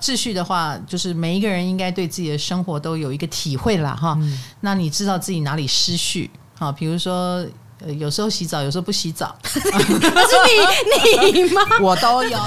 秩序的話，就是每一個人應該對自己的生活都有一個體會啦哈。嗯、那你知道自己哪裡失序啊？比如說，有時候洗澡，有時候不洗澡，不 是你 你嗎？我都有。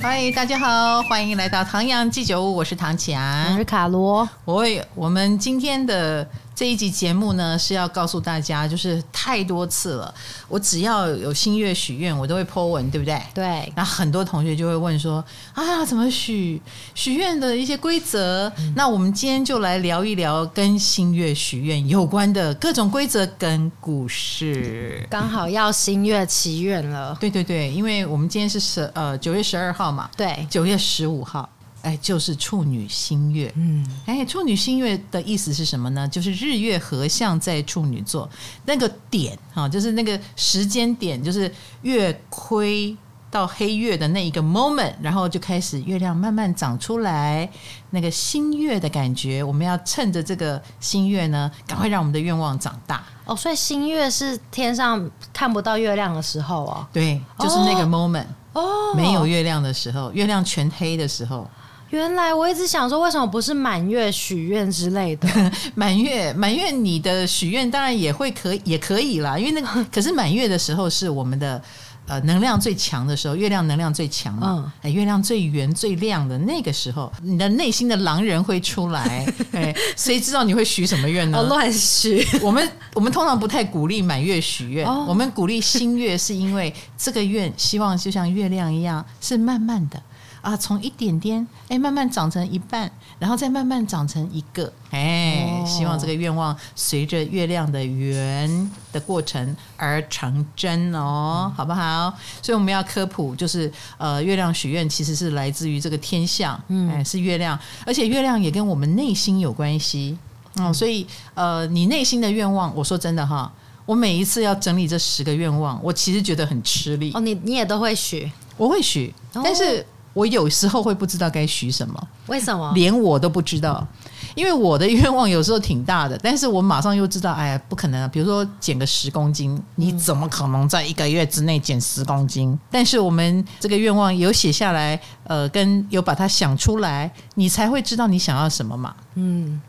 嗨， 大家好，歡迎來到唐陽雞酒屋，我是唐綺陽，我是卡羅，我我們今天的。這一集節目呢是要告訴大家，就是太多次了，我只要有新月許願，我都會 Po 文，對不對？對。那很多同學就會問說，啊，怎麼許許願的一些規則？嗯、那我們今天就來聊一聊跟新月許願有關的各種規則跟故事。剛好要新月祈願了、嗯，對對對，因為我們今天是十呃九月十二號嘛，對，九月十五號。哎，就是處女新月。嗯，哎，處女新月的意思是什麼呢？就是日月合相在處女座那個點哈，就是那個時間點，就是月虧到黑月的那一個 moment，然後就開始月亮慢慢長出來，那個新月的感覺。我們要趁着這個新月呢，趕快讓我們的願望長大哦。所以新月是天上看不到月亮的時候哦，對，就是那個 moment，哦，沒有月亮的時候，月亮全黑的時候。原來我一直想說，為什麼不是滿月許願之類的？滿月，滿月，你的許願當然也會可也可以啦，因為那個可是滿月的時候是我們的呃能量最強的時候，月亮能量最強嘛，哎、嗯，月亮最圓最亮的那個時候，你的內心的狼人會出來，哎， 誰知道你會許什麼願呢？亂許。我們我們通常不太鼓勵滿月許願，哦、我們鼓勵新月，是因為這個願希望就像月亮一樣，是慢慢的。啊，從一點點誒、欸、慢慢長成一半，然後再慢慢長成一個誒，嘿哦、希望這個願望隨着月亮的圓的過程而成真哦，嗯、好不好？所以我們要科普，就是呃，月亮許願其實是來自於這個天象，嗯、欸，是月亮，而且月亮也跟我們內心有關係嗯，嗯、所以呃，你內心的願望，我說真的哈，我每一次要整理這十個願望，我其實覺得很吃力哦。你你也都會許，我會許，哦、但是。我有時候會不知道該許什麼，為什麼？連我都不知道，因為我的願望有時候挺大的，但是我馬上又知道，哎呀，不可能啊！比如說減個十公斤，嗯、你怎麼可能在一個月之內減十公斤？嗯、但是我們這個願望有寫下來，呃，跟有把它想出來，你才會知道你想要什麼嘛。嗯。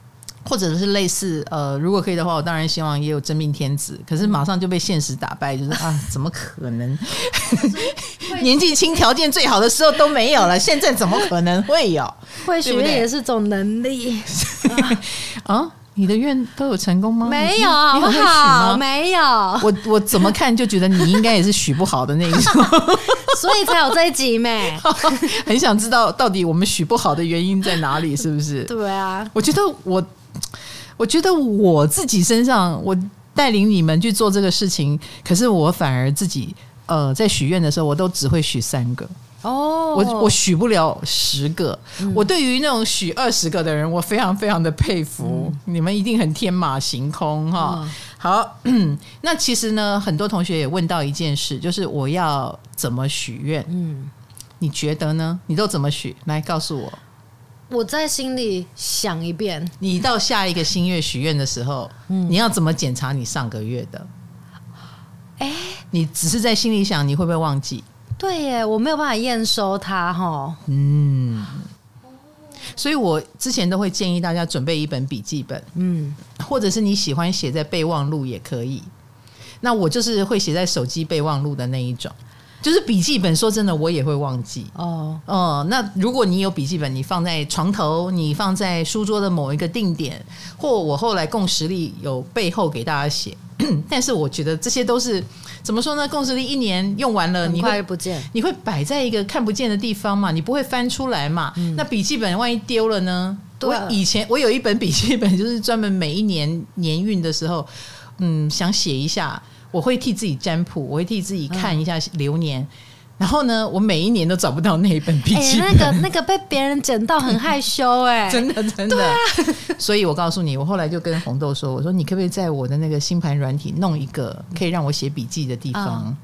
或者是類似呃，如果可以的話，我當然希望也有真命天子。可是馬上就被現實打敗，就是啊，怎麼可能？ 年紀輕、條件最好的時候都沒有了，現在怎麼可能會有？會許願也是種能力對不對？ 啊！你的願都有成功嗎？沒有，你很會許嗎？沒有。我我怎麼看就覺得你應該也是許不好的那一種 所以才有這一集唄。很想知道到底我們許不好的原因在哪裡，是不是？對啊，我覺得我。我覺得我自己身上，我帶領你們去做這個事情，可是我反而自己，呃，在許願的時候，我都只會許三個哦、oh.，我我許不了十個。嗯、我對於那種許二十個的人，我非常非常的佩服。嗯、你們一定很天馬行空哈。嗯、好， 那其實呢，很多同學也問到一件事，就是我要怎麼許願？嗯，你覺得呢？你都怎麼許？來告訴我。我在心裡想一遍。你到下一個新月許願的時候，嗯、你要怎麼檢查你上個月的？哎、欸，你只是在心裡想，你會不會忘記？對耶，我沒有辦法驗收它哈、哦。嗯，所以，我之前都會建議大家準備一本筆記本，嗯，或者是你喜歡寫在備忘錄也可以。那我就是會寫在手機備忘錄的那一種。就是筆記本，說真的，我也會忘記。哦哦、嗯，那如果你有筆記本，你放在床頭，你放在書桌的某一個定點，或我後來共時曆有背後給大家寫。但是我覺得這些都是怎麼說呢？共時曆一年用完了，你會不見，你會擺在一個看不見的地方嘛？你不會翻出來嘛？嗯、那筆記本萬一丟了呢？對、啊，我以前我有一本筆記本，就是專門每一年年運的時候，嗯，想寫一下。我會替自己占卜，我會替自己看一下流年，嗯、然後呢，我每一年都找不到那一本筆記本，欸，那個那個被別人撿到很害羞哎，欸， 真的真的，啊、所以我告訴你，我後來就跟紅豆說，我說你可不可以在我的那個星盤軟體弄一個可以讓我寫筆記的地方。嗯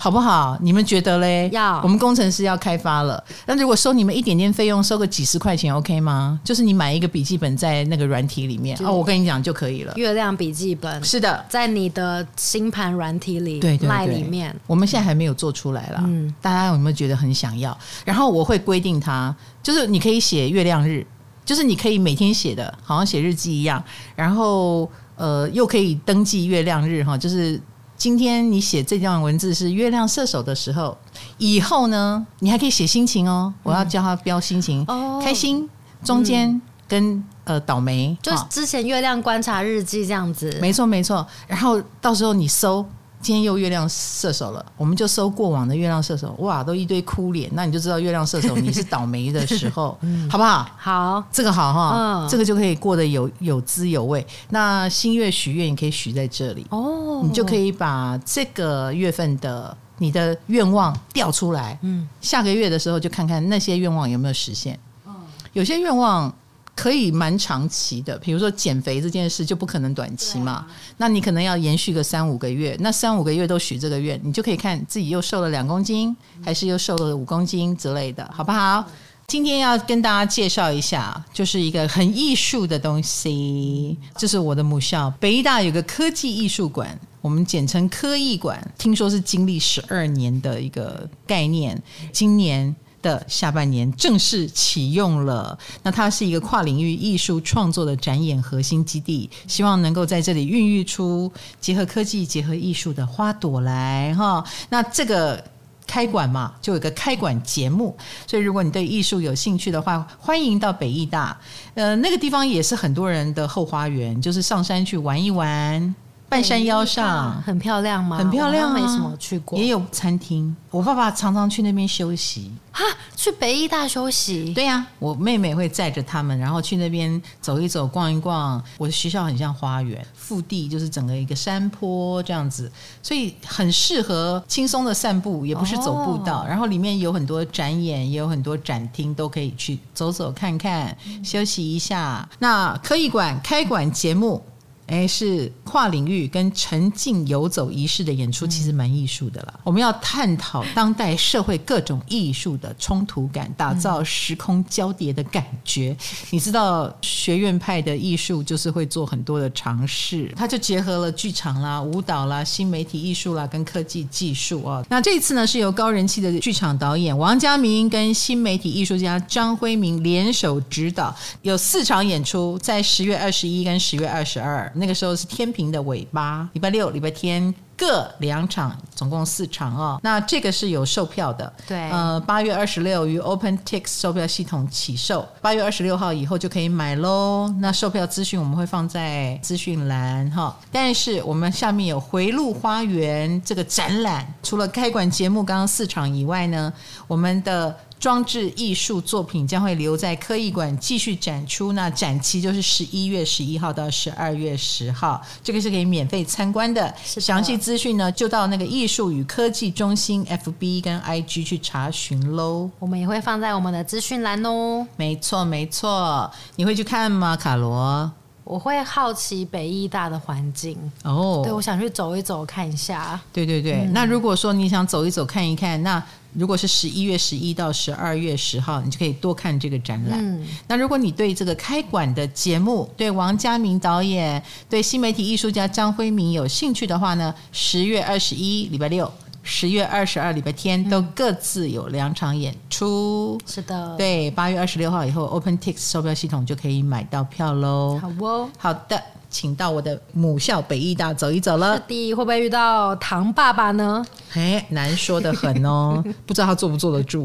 好不好？你們覺得嘞？要我們工程師要開發了。但如果收你們一點點費用，收個幾十塊錢，OK 嗎？就是你買一個筆記本在那個軟體裡面體裡哦，我跟你講就可以了。月亮筆記本的是的，在你的星盤軟體裡賣裡面。我們現在還沒有做出來啦。嗯，大家有沒有覺得很想要？然後我會規定它，就是你可以寫月亮日，就是你可以每天寫的，好像寫日記一樣。然後呃，又可以登記月亮日哈，就是。今天你寫這段文字是月亮射手的時候，以後呢，你還可以寫心情哦、喔。我要教他標心情，嗯哦、開心中間、嗯、跟呃倒霉，就之前月亮觀察日記這樣子，沒錯沒錯。然後到時候你搜。今天又月亮射手了，我們就搜過往的月亮射手，哇，都一堆哭臉，那你就知道月亮射手你是倒霉的時候， 嗯、好不好？好，這個好哈，嗯、這個就可以過得有有滋有味。那新月許願也可以許在這裡哦，你就可以把這個月份的你的願望調出來，嗯，下個月的時候就看看那些願望有沒有實現，嗯，有些願望。可以蠻長期的，比如說減肥這件事就不可能短期嘛。啊、那你可能要延續個三五個月，那三五個月都許這個願，你就可以看自己又瘦了兩公斤，還是又瘦了五公斤之類的，好不好？對今天要跟大家介紹一下，就是一個很藝術的東西。這，就是我的母校北藝大有個科技藝術館，我們簡稱科藝館，聽說是經歷十二年的一個概念，今年的下半年正式啟用了，那它是一個跨領域藝術創作的展演核心基地，希望能夠在這裡孕育出結合科技、結合藝術的花朵來哈、哦。那這個開館嘛，就有個開館節目，所以如果你對藝術有興趣的話，歡迎到北藝大，呃，那個地方也是很多人的後花園，就是上山去玩一玩。半山腰上很漂亮嗎？很漂亮、啊，沒什麼去過。也有餐廳，我爸爸常常去那邊休息。哈，去北藝大休息？對呀、啊，我妹妹會載着他們，然後去那邊走一走、逛一逛。我的學校很像花園腹地，就是整個一個山坡這樣子，所以很適合輕鬆的散步，也不是走步道。哦、然後裡面有很多展演，也有很多展廳，都可以去走走看看、嗯、休息一下。那科藝館開館節目。嗯哎，是跨領域跟沉浸遊走儀式的演出，其實蠻藝術的了。嗯、我們要探討當代社會各種藝術的衝突感，打造時空交疊的感覺。嗯、你知道，學院派的藝術就是會做很多的嘗試，它就結合了劇場啦、舞蹈啦、新媒體藝術啦跟科技技術啊、哦。那這次呢，是由高人氣的劇場導演王嘉明跟新媒體藝術家張暉明聯手指導，有四場演出，在十月二十一跟十月二十二。那個時候是天秤的尾巴，禮拜六、禮拜天。各兩場，總共四場哦。那這個是有售票的，對，呃，八月二十六於 OpenTix 售票系統起售，八月二十六號以後就可以買嘍。那售票資訊我們會放在資訊欄哈、哦。但是我們下面有回路花園這個展覽，除了開館節目剛剛四場以外呢，我們的裝置藝術作品將會留在科藝館繼續展出。那展期就是十一月十一號到十二月十號，這個是可以免費參觀的，是的。詳細資。資訊呢，就到那個藝術與科技中心 FB 跟 IG 去查詢嘍。我們也會放在我們的資訊欄哦。沒錯，沒錯。你會去看嗎，卡羅？我會好奇北藝大的環境哦。對，我想去走一走，看一下。對對對。嗯，那如果說你想走一走看一看，那如果是十一月十一到十二月十號，你就可以多看這個展覽。嗯、那如果你對這個開館的節目、對王嘉明導演、對新媒體藝術家張輝明有興趣的話呢，十月二十一禮拜六，十月二十二禮拜天、嗯、都各自有兩場演出。是的，對，八月二十六號以後，OpenTix 售票系統就可以買到票嘍。好哦，好的。請到我的母校北藝大走一走了，第一會不會遇到唐爸爸呢？嘿，難說得很哦， 不知道他坐不坐得住，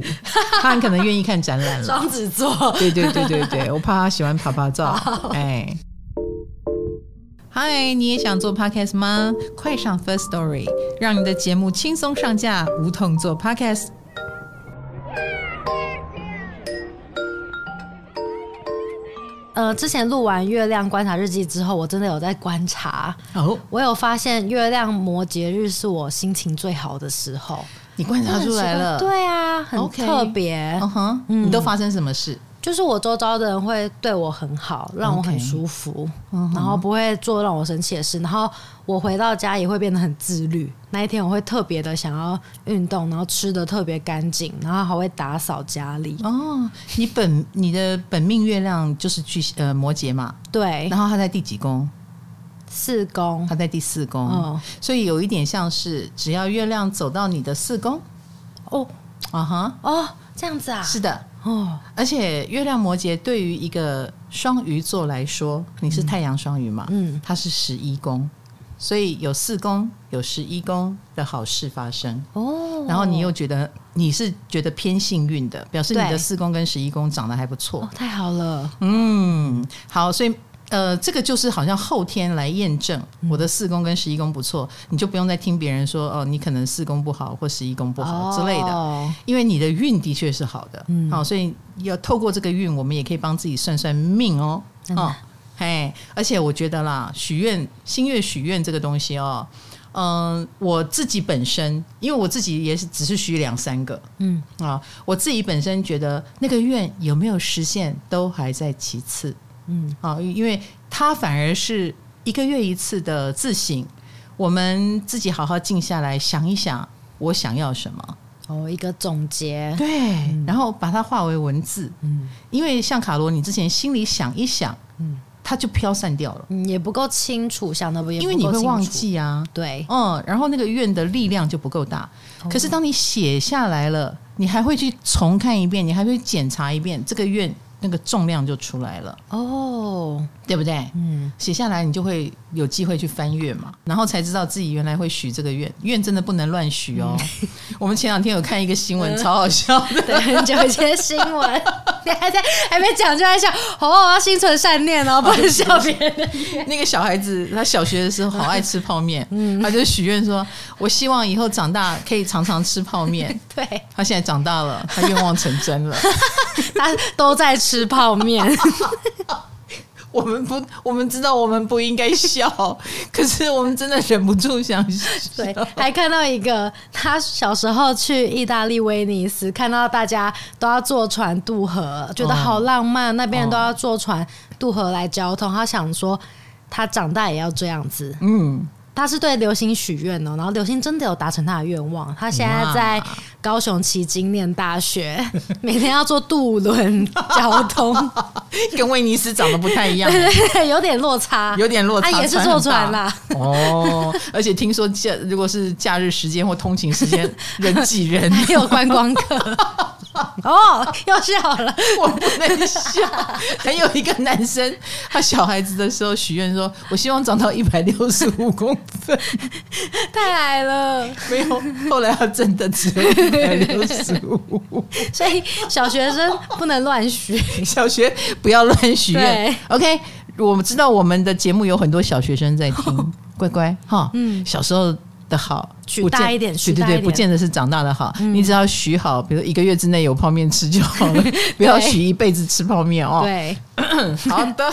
他很可能願意看展覽了。 雙子座， 對，對對對對對，我怕他喜歡拍拍照。 好好哎，嗨，你也想做 podcast 嗎？快上 First Story，讓你的節目輕鬆上架，無痛做 podcast。呃，之前錄完月亮觀察日記之後，我真的有在觀察，Oh. 我有發現月亮摩羯日是我心情最好的時候。你觀察出來了？對啊，很特別。Okay. Uh-huh. 嗯，你都發生什麼事？就是我周遭的人會對我很好，讓我很舒服，很然後不會做讓我生氣的事，嗯、哼然後我回到家也會變得很自律。那一天我會特別的想要運動，然後吃的特別乾淨，然後還會打掃家裡。哦，你本你的本命月亮就是巨呃摩羯嘛？對。然後他在第幾宮？四宮。他在第四宮，嗯、所以有一點像是只要月亮走到你的四宮，哦啊哈、uh huh、哦這樣子啊？是的。哦，而且月亮摩羯對於一個雙魚座來說，你是太陽雙魚嘛？嗯，它是十一宮，所以有四宮有十一宮的好事發生哦。然後你又覺得你是覺得偏幸運的，表示你的四宮跟十一宮長得還不錯。哦，太好了。嗯，好，所以。呃，這個就是好像後天來驗證我的四宮跟十一宮不錯，嗯、你就不用再聽別人說哦，你可能四宮不好或十一宮不好之類的，哦、因為你的運的確是好的，好、嗯哦，所以要透過這個運，我們也可以幫自己算算命哦，啊、哦哎，而且我覺得啦，許願、新月許願這個東西哦，嗯、呃，我自己本身，因為我自己也是只是許兩三個，嗯啊、哦，我自己本身覺得那個願有沒有實現都還在其次。嗯，好，因為他反而是一個月一次的自省，我們自己好好靜下來想一想，我想要什麼？哦，一個總結，對，嗯、然後把它化為文字，嗯，因為像卡羅，你之前心裡想一想，嗯，它就飄散掉了，嗯、也不夠清楚，想的不也因為你會忘記啊，對，嗯，然後那個願的力量就不夠大，哦、可是當你寫下來了，你還會去重看一遍，你還會去檢查一遍這個願。那個重量就出來了哦，對不對？嗯，寫下來你就會有機會去翻閱嘛，然後才知道自己原來會許這個願。願真的不能亂許哦。嗯、我們前兩天有看一個新聞，嗯、超好笑的，很久以前的新聞， 你還在還沒講就在笑。好、哦，我要心存善念哦，不能笑別人。啊、那個小孩子他小學的時候好愛吃泡麵，嗯、他就許願說：“我希望以後長大可以常常吃泡麵。”對，對他現在長大了，他願望成真了， 他都在吃。吃泡麵， 我們不，我們知道我們不應該笑， 可是我們真的忍不住想笑。還看到一個，他小時候去意大利威尼斯，看到大家都要坐船渡河，覺得好浪漫。哦、那邊人都要坐船渡河來交通，他想說他長大也要這樣子。嗯。他是對流星許願哦，然後流星真的有達成他的願望。他現在在高雄旗津念大學，每天要坐渡輪交通， 跟威尼斯長得不太一樣，對對對，有點落差，有點落差。他、啊、也是坐船啦。哦，而且聽說假如果是假日時間或通勤時間，人擠人沒有觀光客。哦，又笑了！我不能笑。還有一個男生，他小孩子的時候許願說：“我希望長到一百六十五公分。”太矮了。沒有，後來他真的只有一百六十五。所以小學生不能亂許，小學不要亂許願。對 OK，我們知道我們的節目有很多小學生在聽，乖乖哈。嗯，小時候。的好，許大一點，許對對，不見得是長大的好。嗯、你只要許好，比如一個月之內有泡麵吃就好了，嗯、不要許一輩子吃泡麵哦。對，好的。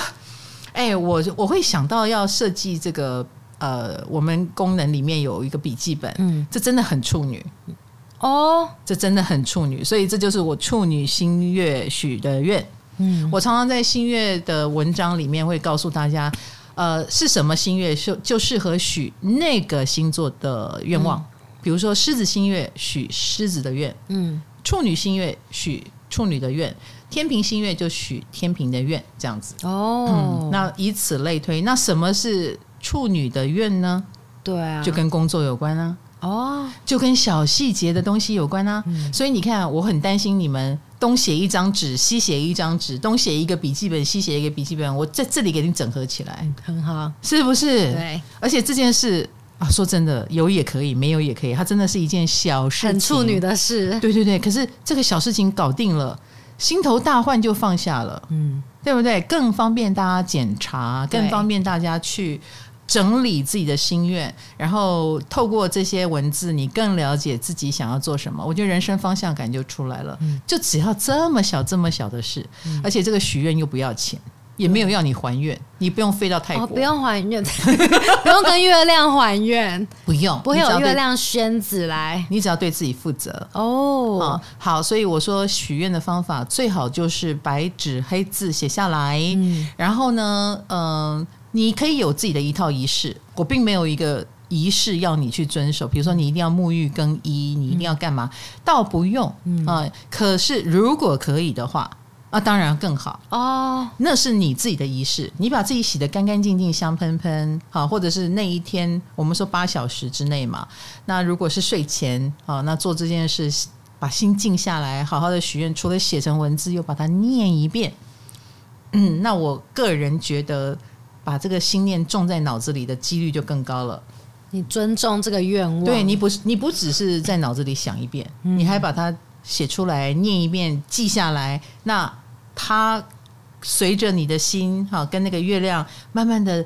哎、欸，我我會想到要設計這個，呃，我們功能裡面有一個筆記本，嗯，這真的很處女哦，這真的很處女，所以這就是我處女新月許的願。嗯，我常常在新月的文章裡面會告訴大家。呃，是什麼新月就就適合許那個星座的願望？嗯、比如說獅子新月許獅子的願，嗯，處女新月許處女的願，天秤新月就許天秤的願，這樣子。哦、嗯，那以此類推，那什麼是處女的願呢？對啊，就跟工作有關啊。哦，就跟小細節的東西有關啊。嗯、所以你看，我很擔心你們。東寫一張紙，西寫一張紙，東寫一個筆記本，西寫一個筆記本，我在這裡給你整合起來，很好，是不是？對，而且這件事啊，說真的，有也可以，沒有也可以，它真的是一件小事，很處女的事。對對對，可是這個小事情搞定了，心頭大患就放下了，嗯，對不對？更方便大家檢查，對更方便大家去。整理自己的心願，然後透過這些文字，你更了解自己想要做什麼。我覺得人生方向感就出來了。嗯、就只要這麼小這麼小的事，嗯、而且這個許願又不要錢，也沒有要你還願，嗯、你不用飛到泰國、哦，不用還願， 不用跟月亮還願， 不用，不會有月亮仙子來，你只要對自己負責哦，好。好，所以我說許願的方法最好就是白紙黑字寫下來。嗯、然後呢，嗯。你可以有自己的一套儀式，我並沒有一個儀式要你去遵守。比如說，你一定要沐浴更衣，嗯、你一定要幹嘛？倒不用啊、嗯呃。可是如果可以的話，啊，當然更好哦。那是你自己的儀式，你把自己洗得乾乾淨淨、香噴噴好，或者是那一天，我們說八小時之內嘛。那如果是睡前啊，那做這件事，把心靜下來，好好的許願，除了寫成文字，又把它念一遍。嗯，那我個人覺得。把這個心念種在腦子裡的幾率就更高了。你尊重這個願望，對你不是，你不只是在腦子裡想一遍，嗯、你還把它寫出來念一遍記下來。那它隨着你的心哈、啊，跟那個月亮慢慢的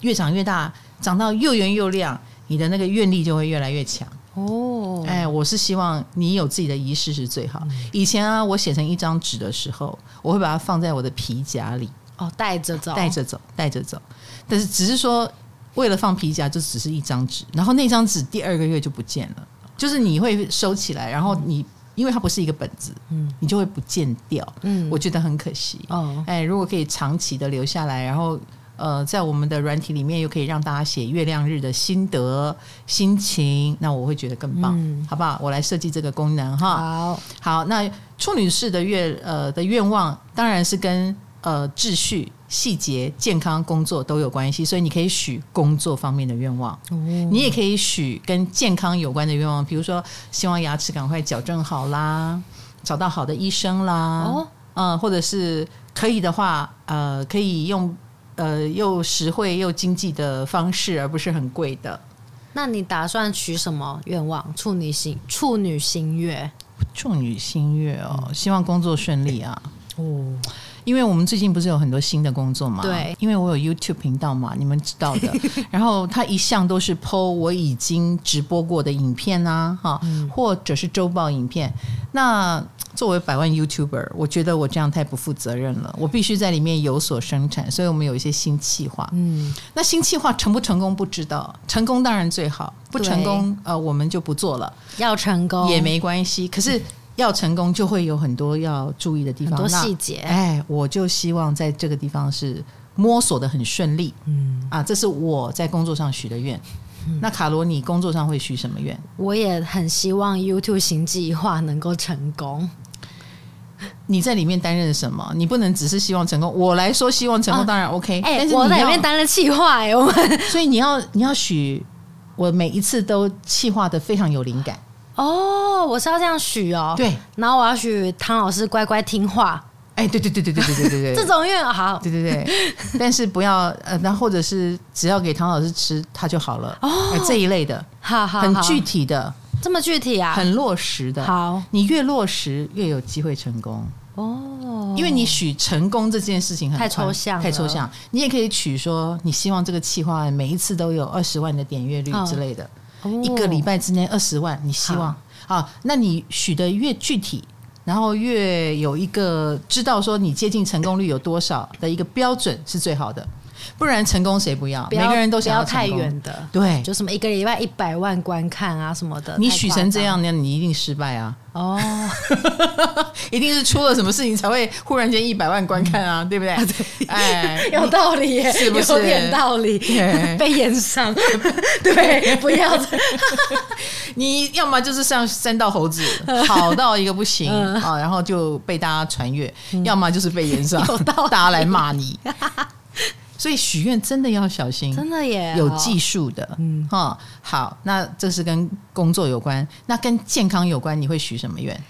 越長越大，長到又圓又亮，你的那個願力就會越來越強哦。哎，我是希望你有自己的儀式是最好。以前啊，我寫成一張紙的時候，我會把它放在我的皮夾裡。哦，帶着走，帶着走，帶着走。但是只是說為了放皮夾，就只是一張紙。然後那張紙第二個月就不見了，就是你會收起來，然後你、嗯、因為它不是一個本子，嗯，你就會不見掉。嗯，我覺得很可惜。哦，哎，如果可以長期的留下來，然後呃，在我們的軟體裡面又可以讓大家寫月亮日的心得心情，那我會覺得更棒，嗯、好不好？我來設計這個功能哈。好，好，那處女式的願呃的願望當然是跟。呃，秩序、細節、健康、工作都有關係，所以你可以許工作方面的願望，哦、你也可以許跟健康有關的願望，比如說希望牙齒趕快矯正好啦，找到好的醫生啦，嗯、哦呃，或者是可以的話，呃，可以用呃又實惠又經濟的方式，而不是很貴的。那你打算許什麼願望？處女新，處女新月，處女新月哦，希望工作順利啊，哦。因為我們最近不是有很多新的工作嘛，對，因為我有 YouTube 頻道嘛，你們知道的。 然後他一向都是 PO 我已經直播過的影片啊，哈、嗯，或者是周報影片。那作為百萬 YouTuber，我覺得我這樣太不負責任了。我必須在裡面有所生產，所以我們有一些新計劃。嗯，那新計劃成不成功不知道，成功當然最好，不成功對呃我們就不做了。要成功也沒關係，可是，嗯要成功，就會有很多要注意的地方，很多細節。哎，我就希望在這個地方是摸索的很順利。嗯，啊，這是我在工作上許的願。嗯、那卡羅，你工作上會許什麼願？我也很希望 YouTube 行計劃能夠成功。你在裡面擔任什麼？你不能只是希望成功。我來說希望成功當然 OK，啊欸，但是我在裡面擔任企劃、欸，所以你要你要許我每一次都企劃的非常有靈感。哦，oh, 我是要這樣許哦，對，然後我要許唐老師乖乖聽話。哎、欸，對對對對對對對對 這種願望好，對對對，但是不要呃，那或者是只要給唐老師吃，他就好了。哦、oh, 呃，這一類的，好好,好很具體的，這麼具體啊，很落實的。好，你越落實越有機會成功哦，oh, 因為你許成功這件事情很抽象，太抽象，你也可以許說你希望這個企劃每一次都有二十萬的點閱率之類的。Oh. 一個禮拜之內二十萬，哦、你希望啊好？那你許的越具體，然後越有一個知道說你接近成功率有多少的一個標準是最好的。不然成功誰不要？每個人都想要成功。不要太遠的，對，就什麼一個禮拜一百萬觀看啊什麼的。你許成這樣，那你一定失敗啊！哦，一定是出了什麼事情才會忽然間一百萬觀看啊，對不對？哎，有道理，是不是？有點道理。被炎上，對，不要。你要麼就是像三道猴子，好到一個不行啊，然後就被大家傳閱；要麼就是被炎上，大家來罵你。所以許願真的要小心，真的耶，有技術的，嗯哈。好，那這是跟工作有關，那跟健康有關，你會許什麼願？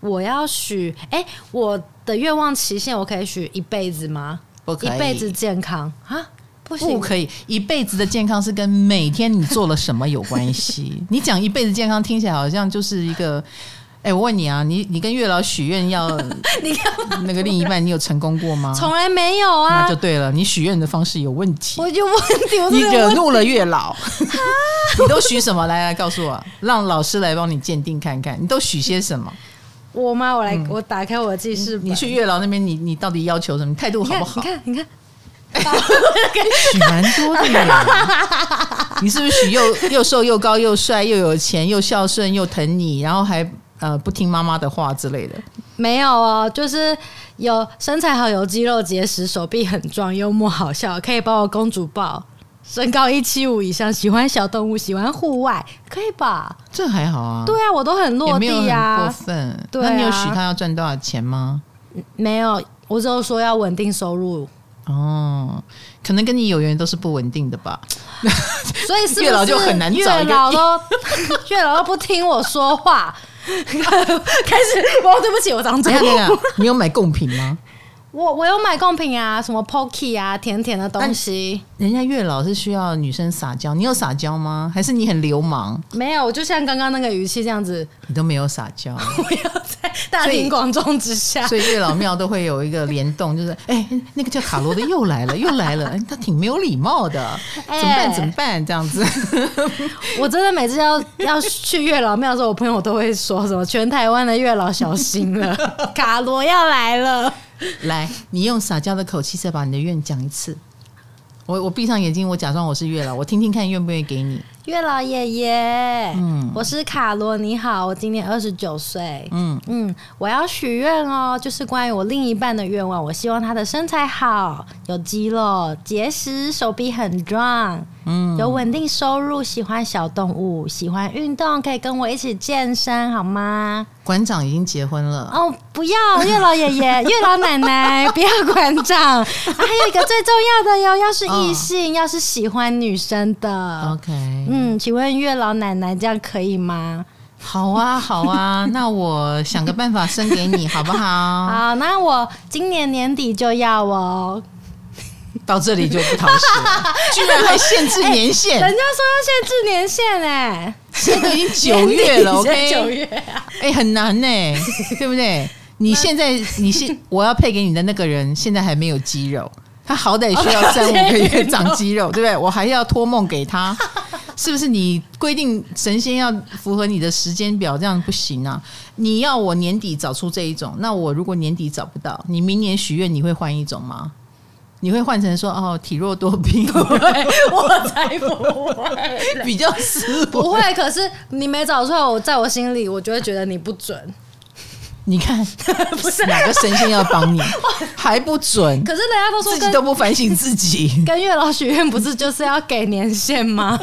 我要許，哎、欸，我的願望期限我可以許一輩子嗎？我可以一輩子健康啊？不行，不可以，一輩子的健康是跟每天你做了什麼有關係。 你講一輩子健康，聽起來好像就是一個。哎、欸，我問你啊，你你跟月老許願要你那個另一半，你有成功過嗎？從來沒有啊！那就對了，你許願的方式有問題。我有問題，我都有問題。你惹怒了月老。哈你都許什麼？來來，告訴我，讓老師來幫你鑑定看看。你都許些什麼？我嗎？我來，嗯、我打開我的記事本。你，你去月老那邊，你你到底要求什麼？你態度好不好？你看，你看，你許蠻多的呀。 你是不是許又又瘦又高又帥又有錢又孝順又疼你，然後還？呃，不聽媽媽的話之類的，沒有哦，就是有身材好，有肌肉結實，手臂很壯，幽默好笑，可以幫我公主抱，身高一七五以上，喜歡小動物，喜歡戶外，可以吧？這還好啊，對啊，我都很落地啊，過分。啊、那你有許他要賺多少錢嗎？沒有，我只有說要穩定收入。哦，可能跟你有緣都是不穩定的吧， 所以是是月老就很難找。月老都 月老都不聽我說話。 啊、開始，哦對不起，我長當真。 你有買貢品嗎？我我有買貢品啊，什麼 Pocky 啊，甜甜的東西。人家月老是需要女生撒嬌，你有撒嬌嗎？還是你很流氓？沒有，我就像剛剛那個語氣這樣子。你都沒有撒嬌。我要在大庭廣眾之下。所以，所以月老廟都會有一個聯動， 就是哎、欸，那個叫卡羅的又來了， 又來了，欸，他挺沒有禮貌的，怎麼辦，欸，怎麼辦？怎麼辦？這樣子。 我真的每次要要去月老廟的時候，我朋友都會說什麼：全台灣的月老小心了， 卡羅要來了。 來，你用撒嬌的口氣再把你的願講一次。我我閉上眼睛，我假裝我是月老，我聽聽看願不願意給你。月老爺爺，嗯，我是卡羅，你好，我今年二十九歲。嗯嗯，我要許願哦，就是關於我另一半的願望。我希望他的身材好，有肌肉，結實，手臂很壯。嗯，有穩定收入，喜歡小動物，喜歡運動，可以跟我一起健身好嗎？館長已經結婚了哦，oh, 不要月老爺爺、 月老奶奶，不要館長、 啊，還有一個最重要的喲，要是異性，oh, 要是喜歡女生的，OK，嗯，請問月老奶奶這樣可以嗎？好啊，好啊， 那我想個辦法生給你，好不好？ 好，那我今年年底就要哦。到這裡就不討喜，居然還限制年限。 欸、人家說要限制年限、欸，哎，現在已經九月了月、啊、，OK，九月，哎，很難哎、欸， 對不對？你現在，你現我要配給你的那個人現在還沒有肌肉，他好歹需要三五 個月長肌肉，對不對？我還要托夢給他，是不是？你規定神仙要符合你的時間表，這樣不行啊！你要我年底找出這一種，那我如果年底找不到，你明年許願你會換一種嗎？你會換成說哦，體弱多病，不會對， 我才不會， 比較死。不會，可是你沒找錯，我在我心裡，我就會覺得你不準。你看，哪個神仙要幫你，還不準？可是人家都說自己都不反省自己。跟月老許願不是就是要給年限嗎？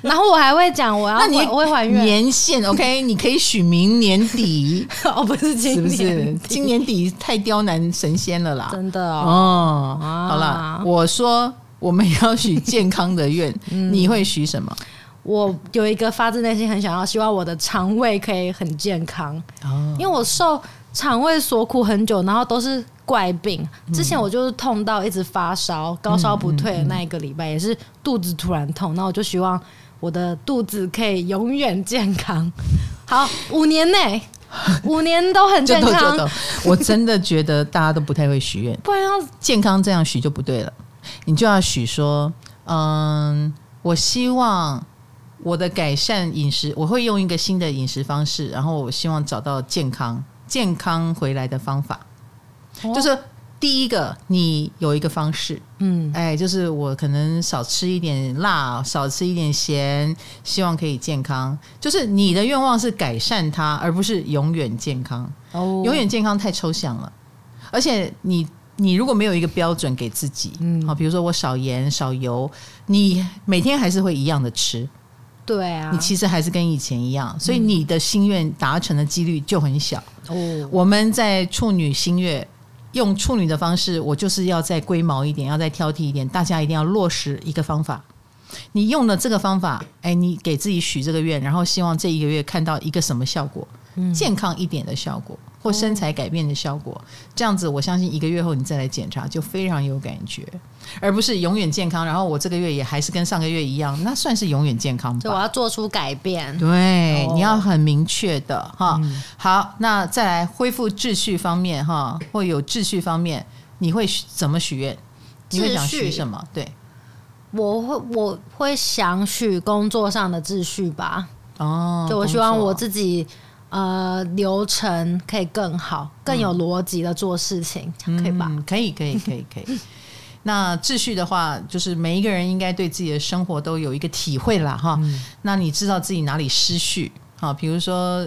然後我還會講，我要，我會還願年限。OK，你可以許明年底，哦，不是今年底，是不是？今年底太刁難神仙了啦，真的哦。哦，好啦，我說我們要許健康的願，你會許什麼？我有一個發自內心很想要，希望我的腸胃可以很健康，哦、因為我受腸胃所苦很久，然後都是怪病。嗯、之前我就是痛到一直發燒，高燒不退的那一個禮拜，也是肚子突然痛。那、嗯嗯、我就希望我的肚子可以永遠健康。好， 五年內，五年都很健康就都就都。我真的覺得大家都不太會許願， 不然要健康這樣許就不對了。你就要許說，嗯，我希望。我的改善飲食，我會用一個新的飲食方式，然後我希望找到健康、健康回來的方法。Oh. 就是第一個，你有一個方式，嗯，哎，就是我可能少吃一點辣，少吃一點鹹，希望可以健康。就是你的願望是改善它，而不是永遠健康。哦，oh. 永遠健康太抽象了，而且你你如果沒有一個標準給自己，嗯，好，比如說我少鹽少油，你每天還是會一樣的吃。對啊，你其實還是跟以前一樣，所以你的心願達成的幾率就很小。嗯、我們在處女新月用處女的方式，我就是要再龜毛一點，要再挑剔一點。大家一定要落實一個方法，你用了這個方法，哎，你給自己許這個願，然後希望這一個月看到一個什麼效果，嗯、健康一點的效果。或身材改變的效果，這樣子我相信一個月後你再來檢查就非常有感覺，而不是永遠健康。然後我這個月也還是跟上個月一樣，那算是永遠健康嗎？我要做出改變。對，哦、你要很明確的哈。嗯、好，那再來恢復秩序方面哈，或有秩序方面，你會怎麼許願？你會想許什麼？對我，我會我會想許工作上的秩序吧。哦，就我希望我自己。呃，流程可以更好、更有邏輯的做事情，嗯、可以吧、嗯？可以，可以，可以，可以。那秩序的話，就是每一個人應該對自己的生活都有一個體會啦。哈。嗯、那你知道自己哪裡失序啊？比如說，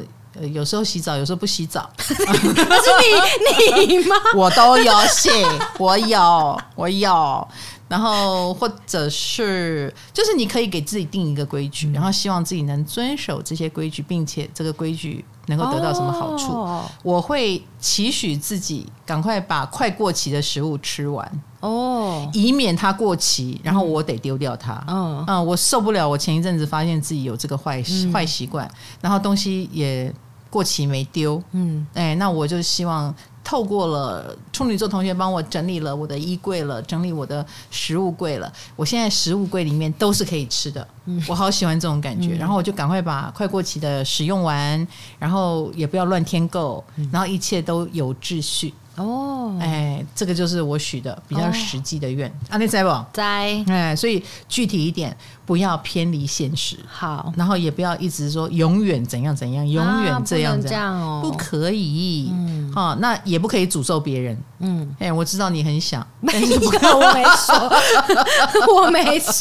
有時候洗澡，有時候不洗澡， 可是你你嗎？ 我都有洗，我有，我有。然後，或者是，就是你可以給自己定一個規矩，嗯、然後希望自己能遵守這些規矩，並且這個規矩能夠得到什麼好處。哦、我會期許自己趕快把快過期的食物吃完，哦、以免它過期，然後我得丟掉它。嗯啊、嗯，我受不了！我前一陣子發現自己有這個壞、嗯、壞習慣，然後東西也過期沒丟。嗯，哎，那我就希望。透過了處女座同學幫我整理了我的衣櫃了，整理我的食物櫃了。我現在食物櫃裡面都是可以吃的，嗯、我好喜歡這種感覺。然後我就趕快把快過期的使用完，然後也不要亂添購，然後一切都有秩序。哦，哎，這個就是我許的比較實際的願。阿尼在不在，哎，所以具體一點，不要偏離現實。好，然後也不要一直說永遠怎樣怎樣，永遠這樣怎樣哦，不可以。好，那也不可以詛咒別人。嗯，哎，我知道你很想，我沒說，我沒說，不可以詛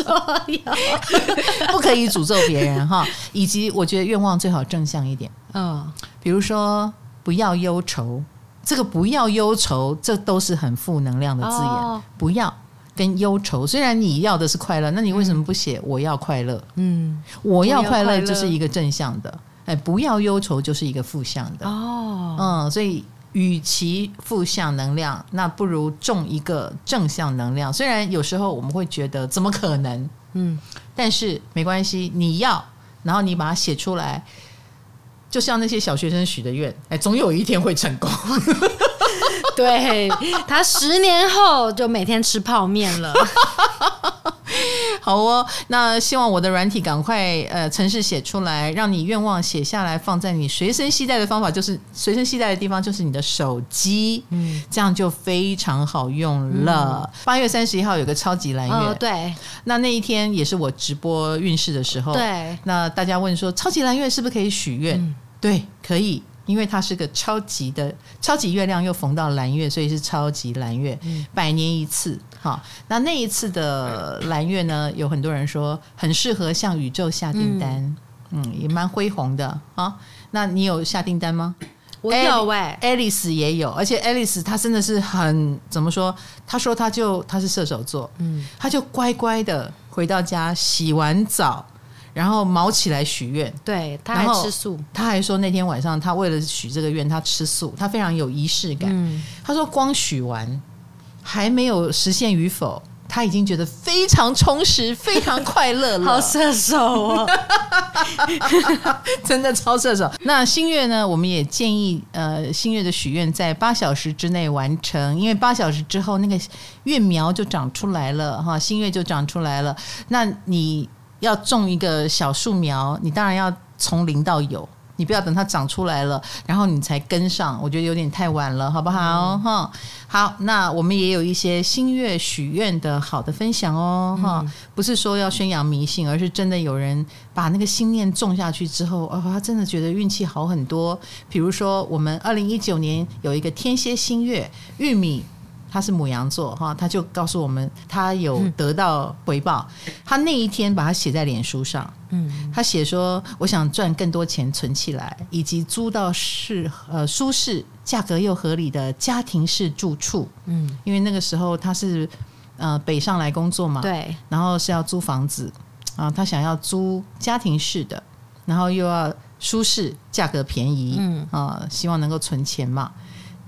咒別人哈，以及我覺得願望最好正向一點。嗯，比如說不要憂愁。這個不要憂愁，這都是很負能量的字眼。Oh. 不要跟憂愁，雖然你要的是快樂，那你為什麼不寫我要快樂？嗯，我要快樂就是一個正向的，哎，不要憂愁就是一個負向的。哦，oh. 嗯，所以與其負向能量，那不如種一個正向能量。雖然有時候我們會覺得怎麼可能，嗯，但是沒關係，你要，然後你把它寫出來。就像那些小學生許的願，哎，總有一天會成功。 對，他十年後就每天吃泡麵了。 好哦，那希望我的軟體趕快呃，程式寫出來，讓你願望寫下來，放在你隨身攜帶的方法就是隨身攜帶的地方就是你的手機，嗯，這樣就非常好用了。嗯、八月三十一號有個超級藍月，哦、對，那那一天也是我直播運勢的時候，對，那大家問說超級藍月是不是可以許願？嗯、對，可以，因為它是個超級的超級月亮，又逢到藍月，所以是超級藍月，嗯、百年一次。好，那那一次的藍月呢？有很多人說很適合向宇宙下訂單，嗯，嗯，也蠻恢宏的啊。那你有下訂單嗎？我有喂、欸、Alice 也有，而且 Alice 她真的是很怎麼說？她說她就她是射手座，嗯，她就乖乖的回到家洗完澡，然後毛起來許願。對，她還吃素。她還說那天晚上她為了許這個願，她吃素，她非常有儀式感。嗯，她說光許完。還沒有實現與否，他已經覺得非常充實、非常快樂了。 好射手、哦， 真的超射手。那新月呢？我們也建議，呃，新月的許願在八小時之內完成，因為八小時之後，那個月苗就長出來了，哈，新月就長出來了。那你要種一個小樹苗，你當然要從零到有。你不要等它長出來了，然後你才跟上，我覺得有點太晚了，好不好？哈、嗯，好，那我們也有一些新月許願的好的分享哦，哈、嗯，不是說要宣揚迷信，嗯、而是真的有人把那個心念種下去之後，哦，他真的覺得運氣好很多。比如說，我們二零一九年有一個天蠍新月玉米。他是牡羊座，哈，他就告訴我們，他有得到回報。他、嗯、那一天把它寫在臉書上，嗯，他寫說：“我想賺更多錢存起來，以及租到適呃舒適、價格又合理的家庭式住處。”嗯，因為那個時候他是呃北上來工作嘛，對，然後是要租房子啊，他想要租家庭式的，然後又要舒適、價格便宜，嗯啊、呃，希望能夠存錢嘛，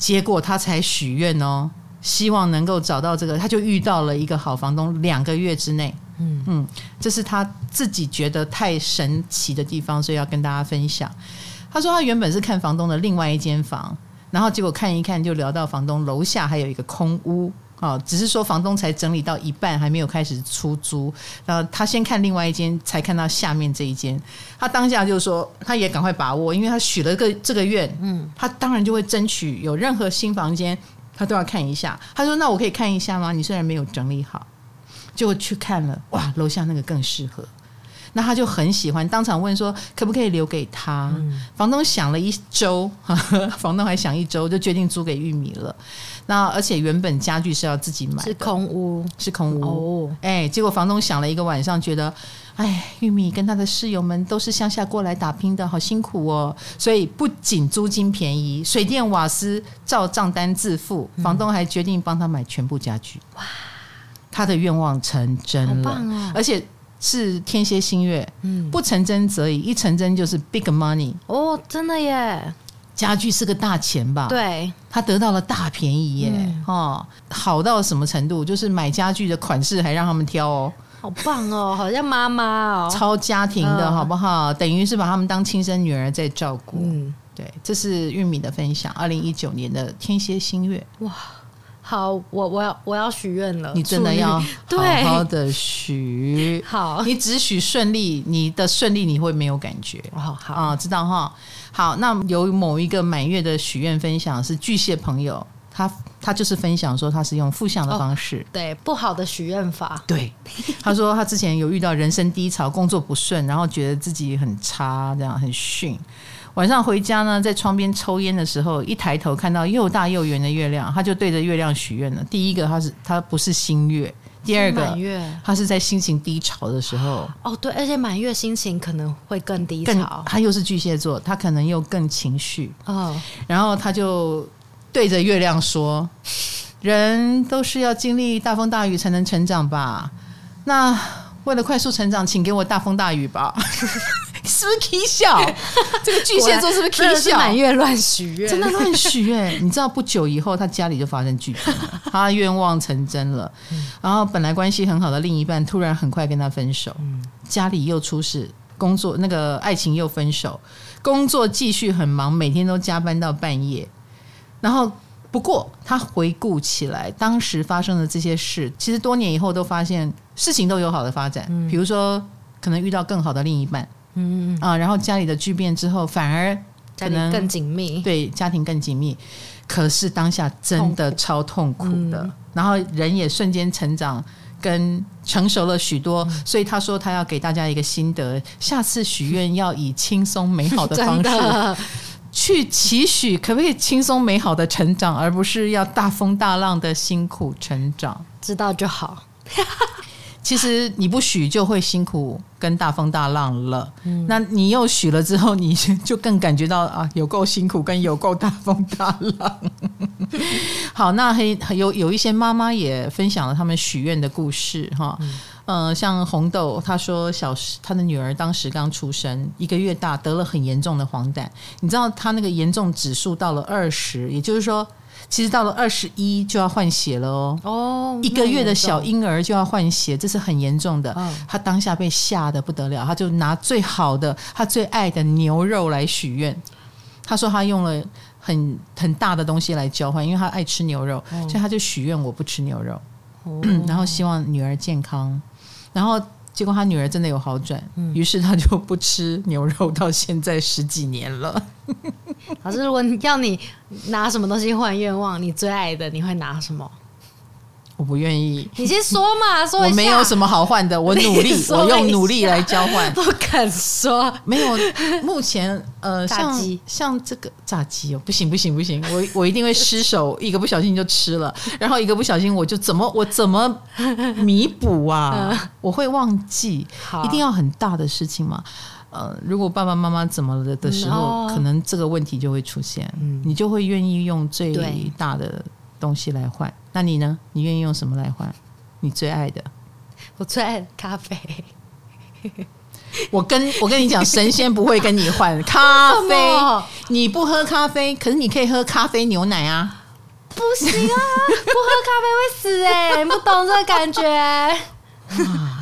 結果他才許願哦。希望能夠找到這個，他就遇到了一個好房東，兩個月之內，嗯嗯，這是他自己覺得太神奇的地方，所以要跟大家分享。他說他原本是看房東的另外一間房，然後結果看一看就聊到房東樓下還有一個空屋哦，只是說房東才整理到一半，還沒有開始出租。然後他先看另外一間，才看到下面這一間，他當下就是說他也趕快把握，因為他許了個這個願，嗯，他當然就會爭取有任何新房間。他都要看一下，他說：“那我可以看一下嗎？你雖然沒有整理好，就去看了。哇，樓下那個更適合。那他就很喜歡，當場問說：可不可以留給他？嗯、房東想了一周呵呵，房東還想一周，就決定租給玉米了。那而且原本家具是要自己買，是空屋，是空屋。哦、哎，結果房東想了一個晚上，覺得。”唉玉米跟他的室友們都是鄉下過來打拼的，好辛苦哦。所以不僅租金便宜，水電瓦斯照賬單自付，房東還決定幫他買全部家具。哇、嗯，他的願望成真了，棒哦、而且是天蠍新月，嗯、不成真則已，一成真就是 big money。哦，真的耶，家具是個大錢吧？對，他得到了大便宜耶。嗯、哦，好到什麼程度？就是買家具的款式還讓他們挑哦。好棒哦，好像媽媽哦，超家庭的好不好？嗯、等於是把他們當親生女兒在照顧。嗯，對，這是玉米的分享。二零一九年的天蠍新月，哇，好，我我要我要許願了。你真的要好好的許好，對你只許順利，你的順利你會沒有感覺。哦、好好、嗯，知道齁。好，那有某一個滿月的許願分享是巨蟹朋友。他他就是分享說，他是用負向的方式，oh, 對不好的許願法。對，他說他之前有遇到人生低潮，工作不順，然後覺得自己很差，這樣很遜。晚上回家呢，在窗邊抽菸的時候，一抬頭看到又大又圓的月亮，他就對着月亮許願了。第一個，他是他不是新月；第二個，滿月他是在心情低潮的時候。哦，oh, 對，而且滿月心情可能會更低潮。他又是巨蟹座，他可能又更情緒哦。Oh. 然後他就。對着月亮說：“人都是要經歷大風大雨才能成長吧？那為了快速成長，請給我大風大雨吧！ 你是不是起笑？ 這個巨蟹座是不是起笑？滿月亂許願，真的亂許願。 你知道不久以後，他家裡就發生巨變，他願望成真了。 然後本來關係很好的另一半突然很快跟他分手， 嗯、家裡又出事，工作那個愛情又分手，工作繼續很忙，每天都加班到半夜。”然後，不過他回顧起來，當時發生的這些事，其實多年以後都發現事情都有好的發展。嗯、比如說，可能遇到更好的另一半，嗯啊，然後家裡的巨變之後，反而可能家庭更緊密，對家庭更緊密。可是當下真的超痛苦的，苦嗯、然後人也瞬間成長跟成熟了許多。嗯、所以他說，他要給大家一個心得，下次許願要以輕鬆美好的方式。 去期許，可不可以輕鬆美好的成長，而不是要大風大浪的辛苦成長？知道就好。 其實你不許，就會辛苦跟大風大浪了。嗯，那你又許了之後，你就更感覺到啊，有夠辛苦跟有夠大風大浪。 好，那還有有一些媽媽也分享了他們許願的故事，哈。嗯嗯、呃，像紅豆，他說小他的女兒當時剛出生一個月大，得了很嚴重的黃疸。你知道他那個嚴重指數到了二十，也就是說，其實到了二十一就要換血了哦。哦，一個月的小嬰兒就要換血，這是很嚴重的。哦、他當下被嚇得不得了，他就拿最好的、他最愛的牛肉來許願。他說他用了很很大的東西來交換，因為他愛吃牛肉，嗯、所以他就許願我不吃牛肉、哦，然後希望女兒健康。然後結果他女兒真的有好轉，於、嗯、是他就不吃牛肉到現在十幾年了、嗯。 老師，如果要你拿什麼東西換願望，你最愛的你會拿什麼？我不願意，你先說嘛，說一下，我沒有什麼好換的，我努力，我用努力來交換。不敢說，沒有。目前，呃，炸雞雞，像這個炸雞哦，不行不行不行，我我一定會失手， 一個不小心就吃了，然後一個不小心我就怎麼我怎麼彌補啊？嗯、我會忘記，好一定要很大的事情嘛。呃，如果爸爸媽媽怎麼了的時候，No 可能這個問題就會出現，嗯、你就會願意用最大的東西來換。那你呢？你願意用什麼來換？你最愛的？我最愛咖啡。 我跟我跟你講，神仙不會跟你換咖啡。你不喝咖啡，可是你可以喝咖啡牛奶啊。不行啊！不喝咖啡會死哎、欸！ 你不懂這個感覺、 啊。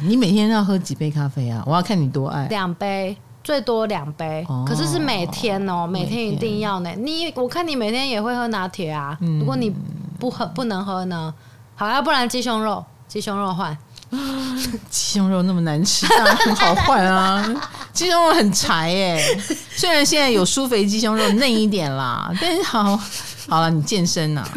你每天要喝幾杯咖啡啊？我要看你多愛。兩杯，最多兩杯。哦、可是是每天哦，每天一定要呢。每天。你我看你每天也會喝拿鐵啊。嗯、如果你。不喝不能喝呢，好啊，不然雞胸肉，雞胸肉換，雞 胸肉那麼難吃，當然很好換啊。雞 胸肉很柴哎， 雖然現在有舒肥雞胸肉嫩一點啦， 但是好，好了，你健身啊？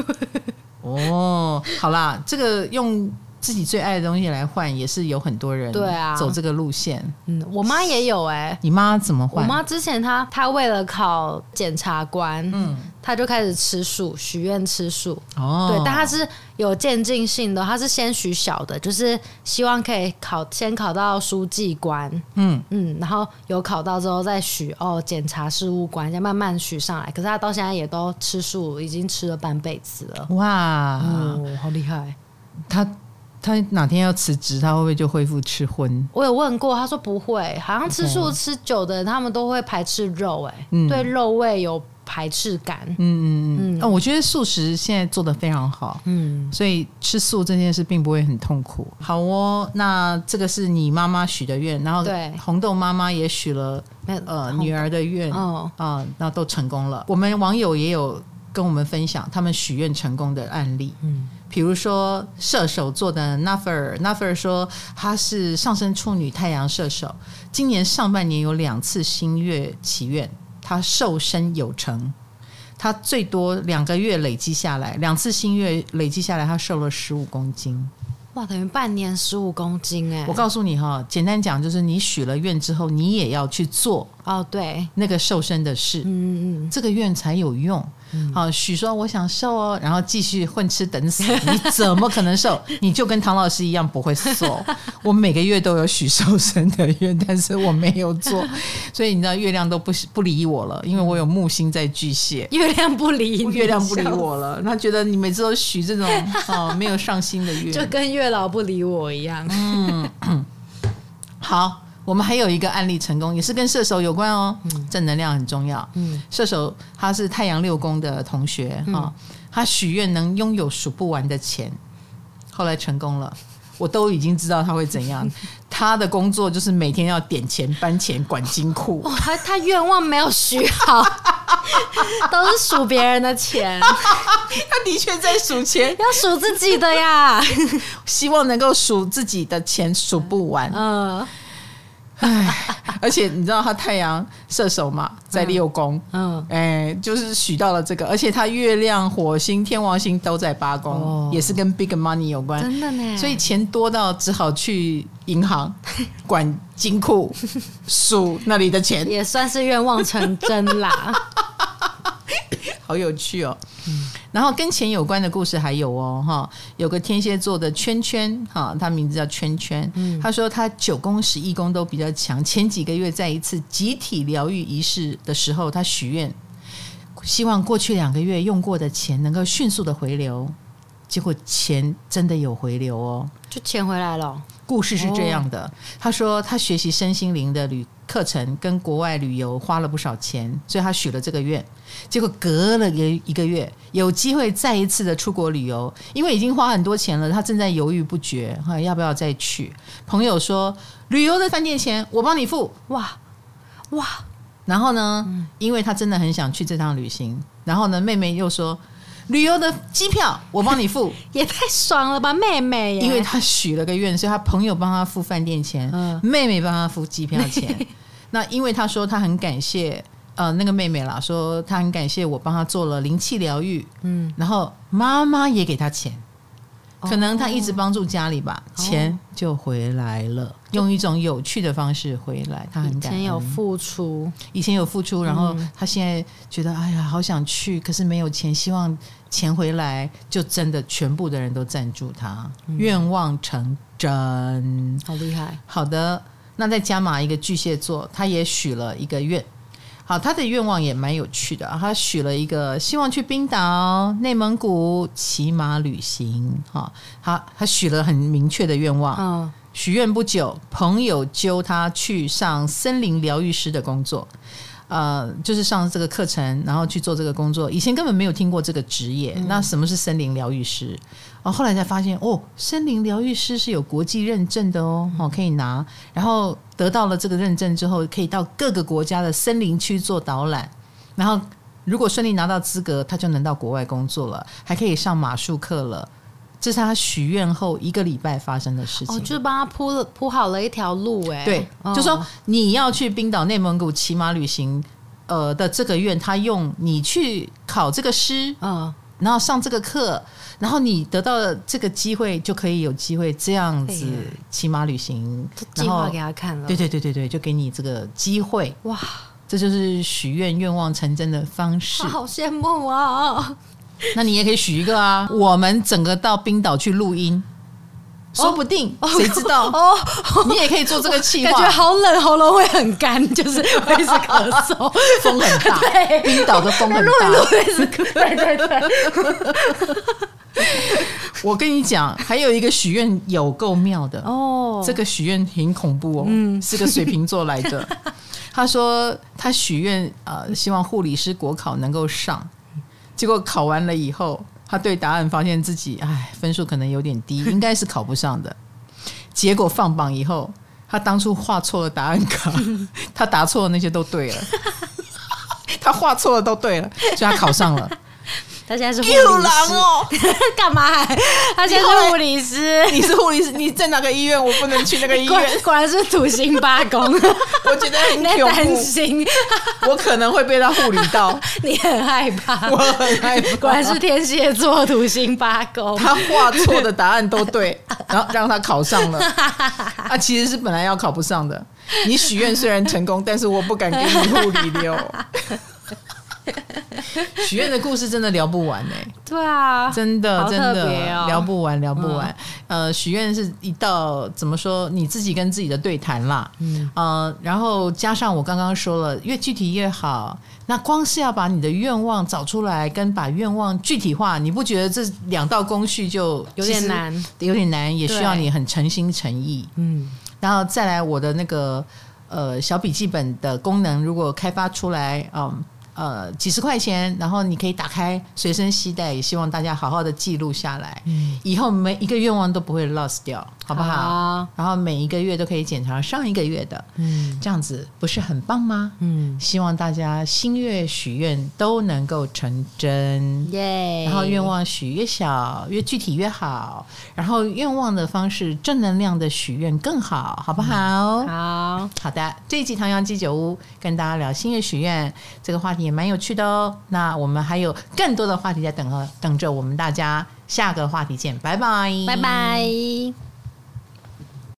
哦， oh, 好啦，這個用。自己最愛的東西來換，也是有很多人對啊，走這個路線。嗯，我媽也有哎、欸。你媽怎麼換？我媽之前她她為了考檢察官，嗯，她就開始吃素，許願吃素。哦。對，但她是有漸進性的，她是先許小的，就是希望可以考先考到書記官，嗯嗯，然後有考到之後再許哦，檢察事務官，再慢慢許上來。可是她到現在也都吃素，已經吃了半輩子了。哇哦，嗯、好厲害！她。他哪天要辭職，他會不會就恢復吃葷？我有問過，他說不會。好像吃素吃久的人，他們都會排斥肉，哎，對肉味有排斥感。嗯嗯嗯。我覺得素食現在做得非常好，嗯，所以吃素這件事並不會很痛苦。好哦，那這個是你媽媽許的願，然後對紅豆媽媽也許了呃女兒的願，啊，那都成功了。我們網友也有跟我們分享他們許願成功的案例，嗯。比如說射手座的納菲爾，納菲爾說他是上升處女太陽射手，今年上半年有兩次新月祈願，他瘦身有成，他最多兩個月累積下來兩次新月累積下來，他瘦了十五公斤，哇，等於半年十五公斤哎！我告訴你哈，簡單講就是你許了願之後，你也要去做。哦，對，那個瘦身的事，嗯嗯這個願才有用。好，許說我想瘦哦，然後繼續混吃等死，你怎麼可能瘦？你就跟唐老師一樣不會瘦。我每個月都有許瘦身的願，但是我沒有做，所以你知道月亮都不不理我了，因為我有木星在巨蟹，月亮不理月亮不理我了，他覺得你每次都許這種啊沒有上心的願，就跟月老不理我一樣。嗯，好。我們還有一個案例成功，也是跟射手有關哦。嗯、正能量很重要。嗯、射手他是太陽六宮的同學哈、嗯哦，他許願能擁有數不完的錢，後來成功了。我都已經知道他會怎樣。 他的工作就是每天要點錢、搬錢、管金庫、哦。他他願望沒有許好， 都是數別人的錢。 他的確在數錢， 要數自己的呀。 希望能夠數自己的錢數不完。嗯、呃。哎，而且你知道他太陽射手嘛，在六宮，嗯，嗯，哎，就是許到了這個，而且他月亮、火星、天王星都在八宮，哦，也是跟 Big Money 有關，真的呢，所以錢多到只好去銀行管金庫數 那裡的錢，也算是願望成真啦， 好有趣哦。嗯。然後跟錢有關的故事還有哦，哈，有個天蠍座的圈圈，哈，他名字叫圈圈，他說他九宮十一宮都比較強，前幾個月在一次集體療癒儀式的時候，他許願，希望過去兩個月用過的錢能夠迅速的回流，結果錢真的有回流哦，就錢回來了。故事是這樣的，oh. 他說他學習身心靈的旅課程，跟國外旅遊花了不少錢，所以他許了這個願。結果隔了一個一個月，有機會再一次的出國旅遊，因為已經花很多錢了，他正在猶豫不決哈、哎，要不要再去？朋友說旅遊的飯店錢我幫你付，哇哇！然後呢，嗯、因為他真的很想去這趟旅行，然後呢，妹妹又說。旅遊的機票我幫你付，也太爽了吧，妹妹！因為她許了個願，所以她朋友幫她付飯店錢，妹妹幫她付機票錢。那因為她說她很感謝呃那個妹妹啦，說她很感謝我幫她做了靈氣療癒，嗯，然後媽媽也給她錢。可能他一直幫助家裡吧，oh. 錢就回來了，oh. 用一種有趣的方式回來。他很感恩。以前有付出，以前有付出，嗯、然後他現在覺得，哎呀，好想去，可是沒有錢，希望錢回來，就真的全部的人都贊助他，嗯、願望成真，好厲害。好的，那再加碼一個巨蟹座，他也許了一個願。好，他的願望也蠻有趣的，他許了一個希望去冰島、內蒙古騎馬旅行。哈、哦，他他許了很明確的願望。許願、哦、不久，朋友揪他去上森林療癒師的工作，呃，就是上這個課程，然後去做這個工作。以前根本沒有聽過這個職業，嗯、那什麼是森林療癒師？哦，後來才發現哦，森林療癒師是有國際認證的哦，可以拿。然後得到了這個認證之後，可以到各個國家的森林去做導覽。然後如果順利拿到資格，他就能到國外工作了，還可以上馬術課了。這是他許願後一個禮拜發生的事情，哦、就是幫他鋪了鋪好了一條路誒、欸，對，嗯、就說你要去冰島、內蒙古騎馬旅行，呃的這個願，他用你去考這個師啊。嗯然後上這個課，然後你得到了這個機會，就可以有機會這樣子騎馬旅行，計劃給他看了哦。對對對對對，就給你這個機會。哇，這就是許願願望成真的方式。好羨慕啊！那你也可以許一個啊， 我們整個到冰島去錄音。說不定，誰、哦、知道哦？哦你也可以做這個氣話，我感覺好冷，喉嚨會很乾，就是會一直咳嗽， 風很大。對，冰島的風很大，對對對。 我跟你講，還有一個許願有夠妙的哦，這個許願挺恐怖哦，嗯、是個水瓶座來的。他說他許願啊，希望護理師國考能夠上，結果考完了以後。他對答案，發現自己，唉，分數可能有點低，應該是考不上的。結果放榜以後，他當初畫錯了答案卡，他答錯的那些都對了， 他畫錯了都對了， 所以他考上了。他現在是護理幹、喔、嘛、啊？他現在是護理師。你，你是護理師， 你在哪個醫院？我不能去那個醫院。果然是土星八宮， 我覺得很在擔心，我可能會被他護理到，你很害怕，我很害怕。果然是天蠍座土星八宮。他畫錯的答案都對，然後讓他考上了。他、 啊、其實是本來要考不上的。你許願雖然成功，但是我不敢給你護理了。 許願 的故事真的聊不完哎、欸，對啊，真的、哦、真的聊不完聊不完。不完嗯、呃，許願是一道怎麼說，你自己跟自己的對談啦，嗯、呃、然後加上我剛剛說了越具體越好，那光是要把你的願望找出來跟把願望具體化，你不覺得這兩道工序就有點難？有點難，也需要你很誠心誠意，嗯，然後再來我的那個呃小筆記本的功能如果開發出來啊。嗯呃，幾十塊錢，然後你可以打開隨身攜帶，也希望大家好好的記錄下來，嗯、以後每一個願望都不會 lost 掉，好不好？好啊、然後每一個月都可以檢查上一個月的，嗯、這樣子不是很棒嗎？嗯，希望大家新月許願都能夠成真，耶、嗯！然後願望許越小越具體越好，然後願望的方式正能量的許願更好，好不好？嗯、好好的，這一集《唐陽雞酒屋》跟大家聊新月許願這個話題。也蠻有趣的哦。那我們還有更多的話題在等，等着我們大家。下個話題見，拜拜，拜拜。